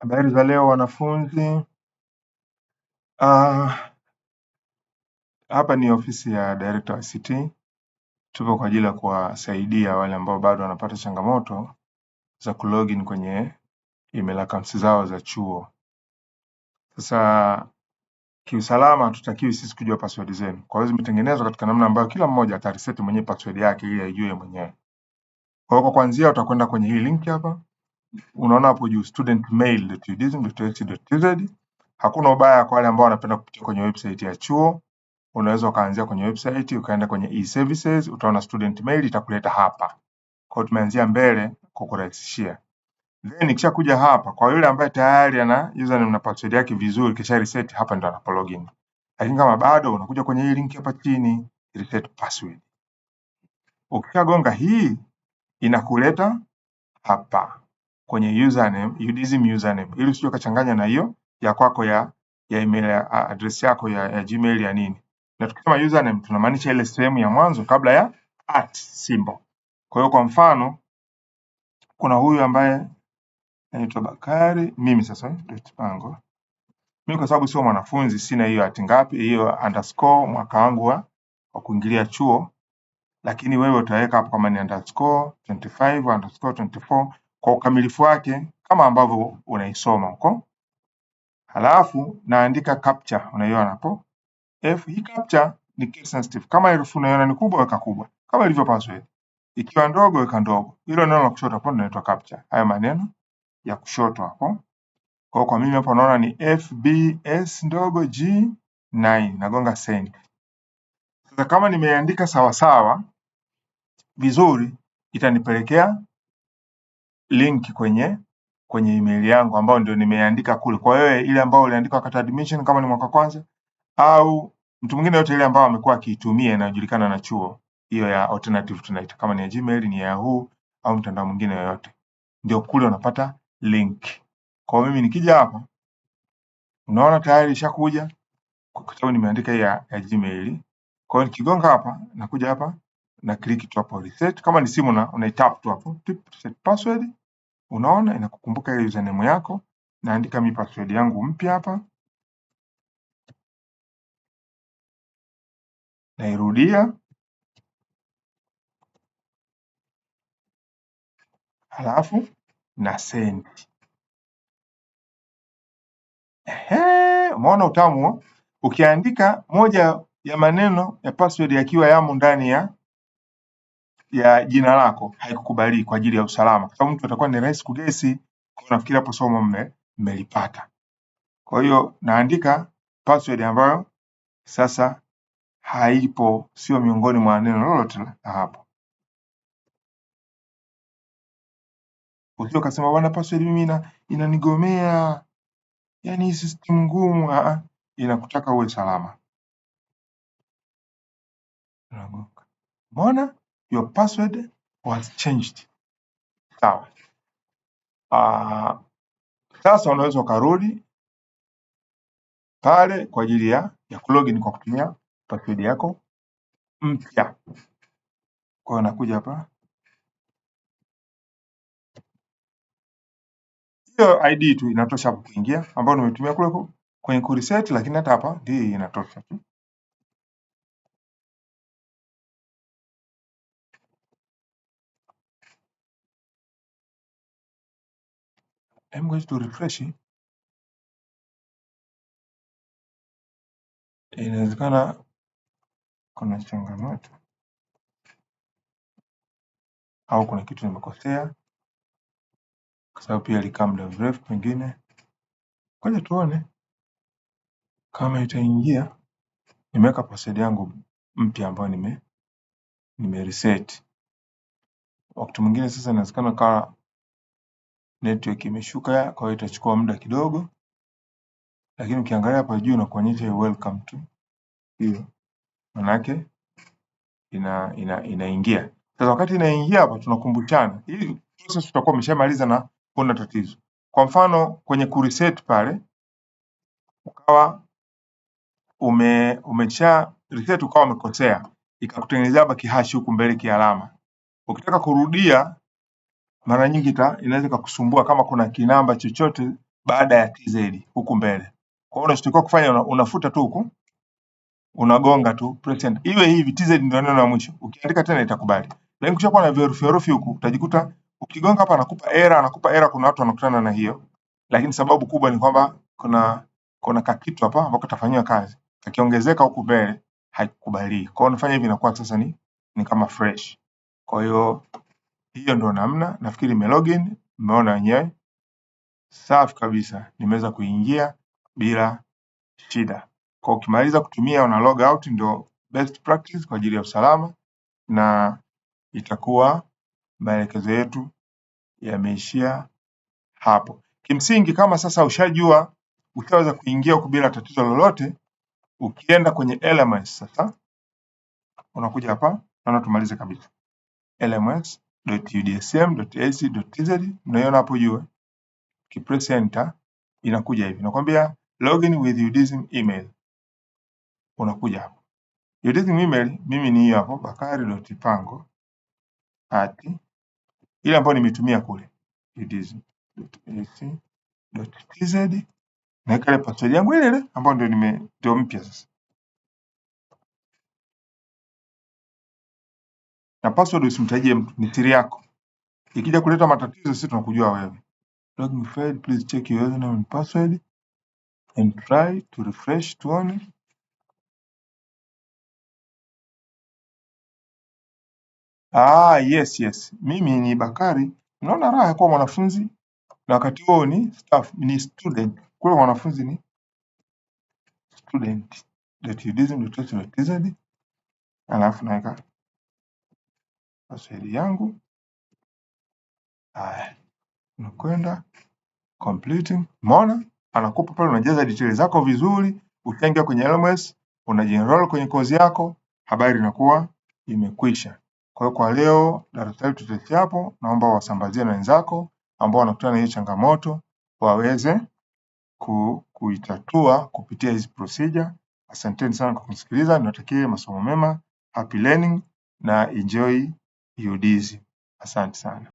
Habari za leo wanafunzi. Ah, hapa ni ofisi ya Director wa ICT. Tupo kwa ajili ya kuwasaidia wale ambao bado wanapata changamoto za kulogin kwenye email accounts zao za chuo. Sasa kiusalama, hatutakiwi sisi kujua password zenu, kwa hiyo zimetengenezwa katika namna ambayo kila mmoja atareset mwenyewe password yake ili aijue mwenyewe. Kwa hiyo kwa kuanzia, utakwenda kwenye hii link hapa unaona hapo juu student mail tz. Hakuna ubaya kwa wale ambao wanapenda kupitia kwenye website ya chuo, unaweza ukaanzia kwenye website ukaenda kwenye e-services, utaona student mail itakuleta hapa. Kwa hiyo tumeanzia mbele kukurahisishia. Then kisha kuja hapa kwa yule ambaye tayari ana username na password yake vizuri kisha reset hapa ndo anapo login. Lakini kama bado unakuja kwenye hii link hapa chini reset password. Ukishagonga hii inakuleta hapa kwenye username, UDSM username ili usije ukachanganya na hiyo ya kwako ya ya email ya address yako ya, ya Gmail ya nini. Na tukisema username tunamaanisha ile sehemu ya mwanzo kabla ya at symbol. Kwa hiyo kwa mfano kuna huyu ambaye anaitwa Bakari, mimi sasa Pango. Mimi kwa sababu sio mwanafunzi sina hiyo at ngapi hiyo underscore mwaka wangu wa kuingilia chuo, lakini wewe utaweka hapo kama ni underscore 25 underscore 24 kwa ukamilifu wake kama ambavyo unaisoma huko. Halafu naandika captcha, unaiona hapo F. Hii captcha ni case sensitive. Kama herufi unaiona ni kubwa, weka kubwa kama ilivyo password. Ikiwa ndogo, weka ndogo. Hilo neno la kushoto hapo linaitwa captcha. Haya maneno ya kushoto hapo. Kwa kwa mimi hapo naona ni FBS ndogo G9. Nagonga send. Sasa kama nimeandika sawasawa vizuri, itanipelekea link kwenye kwenye email yangu ambayo ndio nimeandika kule. Kwa hiyo ile ambayo uliandika wakati admission kama ni mwaka kwanza au mtu mwingine yote ile ambayo amekuwa akiitumia inayojulikana na chuo, hiyo ya alternative tunaita kama ni ya Gmail, ni ya Yahoo au mtandao mwingine yoyote, ndio kule unapata link. Kwa mimi nikija hapa, unaona tayari ishakuja kwa sababu nimeandika ya, ya Gmail. Kwa hiyo nikigonga hapa, nakuja hapa na click tu hapo reset. Kama ni simu na unaitap tu hapo tip, set password Unaona inakukumbuka ile username yako. Naandika mi password yangu mpya hapa. Nairudia. Halafu na send. Ehe, umeona utamu? Ukiandika moja ya maneno ya password yakiwa yamo ndani ya ya jina lako haikukubalii kwa ajili ya usalama, kwa sababu mtu atakuwa ni rahisi kugesi. Nafikiri hapo somo mme, mmelipata. Kwa hiyo naandika password ambayo sasa haipo, sio miongoni mwa neno lolote la hapo. Usio kasema bwana, password mimi inanigomea, yani system ngumu. inakutaka uwe salama. Mbona your password was changed. Sawa. Ah, sasa unaweza ukarudi pale kwa ajili ya ya kulogin kwa kutumia password yako mpya. Kwa hiyo nakuja hapa hiyo ID tu inatosha hapo kuingia, ambayo nimetumia kule kwenye ku lakini hata hapa hii inatosha tu. I'm going to refresh hii. Inawezekana kuna changamoto au kuna kitu nimekosea, kwa sababu pia ilikaa muda mrefu. Pengine ngoja tuone kama itaingia. Nimeweka password yangu mpya ambayo nime nime reset. Wakati mwingine sasa inawezekana kaa network imeshuka, kwa hiyo itachukua muda kidogo, lakini ukiangalia hapa juu inakuonyesha welcome to hiyo, manake ina ina inaingia sasa. Wakati inaingia hapa, tunakumbushana hii process tutakuwa umeshamaliza na kuna tatizo. Kwa mfano kwenye ku reset pale ukawa ume umesha reset ukawa umekosea, ikakutengenezea baki hash huku mbele kialama. Ukitaka kurudia mara nyingi inaweza ikakusumbua kama kuna kinamba chochote baada ya tz huku mbele. Kwa hiyo unachotakiwa kufanya una, unafuta tu huku unagonga tu press enter. Iwe hivi tz ndio neno la mwisho. Ukiandika tena itakubali. Lakini ukishakuwa na herufi herufi huku utajikuta ukigonga hapa anakupa error, anakupa error kuna watu wanakutana na hiyo. Lakini sababu kubwa ni kwamba kuna kuna kakitu hapa ambako tafanywa kazi. Kakiongezeka huku mbele haikubali. Kwa hiyo unafanya hivi inakuwa sasa ni ni kama fresh. Kwa hiyo hiyo ndo namna nafikiri nimelogin mmeona wenyewe safi kabisa nimeweza kuingia bila shida kwa ukimaliza kutumia una log out ndo best practice kwa ajili ya usalama na itakuwa maelekezo yetu yameishia hapo kimsingi kama sasa ushajua ushaweza kuingia huku bila tatizo lolote ukienda kwenye elements sasa unakuja hapa naona tumalize kabisa elements www.udsm.ac.tz unaiona hapo juu. Eh? Kipress enter inakuja hivi. Nakwambia login with UDSM email. Unakuja hapo. UDSM email mimi ni hiyo hapo bakari.pango at ile ambayo nimetumia kule udsm.ac.tz na kale password yangu ile ile ambayo ndio nime ndio mpya sasa. na password usimtajie mtu, ni siri yako. Ikija kuleta matatizo, sisi tunakujua wewe. Log my file, please check your username and password and try to refresh, tuone Ah, yes, yes. Mimi ni Bakari. Naona raha kuwa mwanafunzi na wakati huo ni staff, ni student. Kule mwanafunzi ni student. That you didn't do test Alafu naweka password yangu. Haya, unakwenda complete, umeona anakupa pale, unajaza details zako vizuri. utaingia kwenye LMS unajienroll kwenye kozi yako, habari inakuwa imekwisha. Kwa hiyo kwa leo darasa letu tutaishia hapo. Naomba wasambazie na wenzako ambao wanakutana na hiyo changamoto waweze ku, kuitatua kupitia hizi procedure. Asanteni sana kwa kusikiliza, niwatakie masomo mema, happy learning na enjoy iodizidi asante sana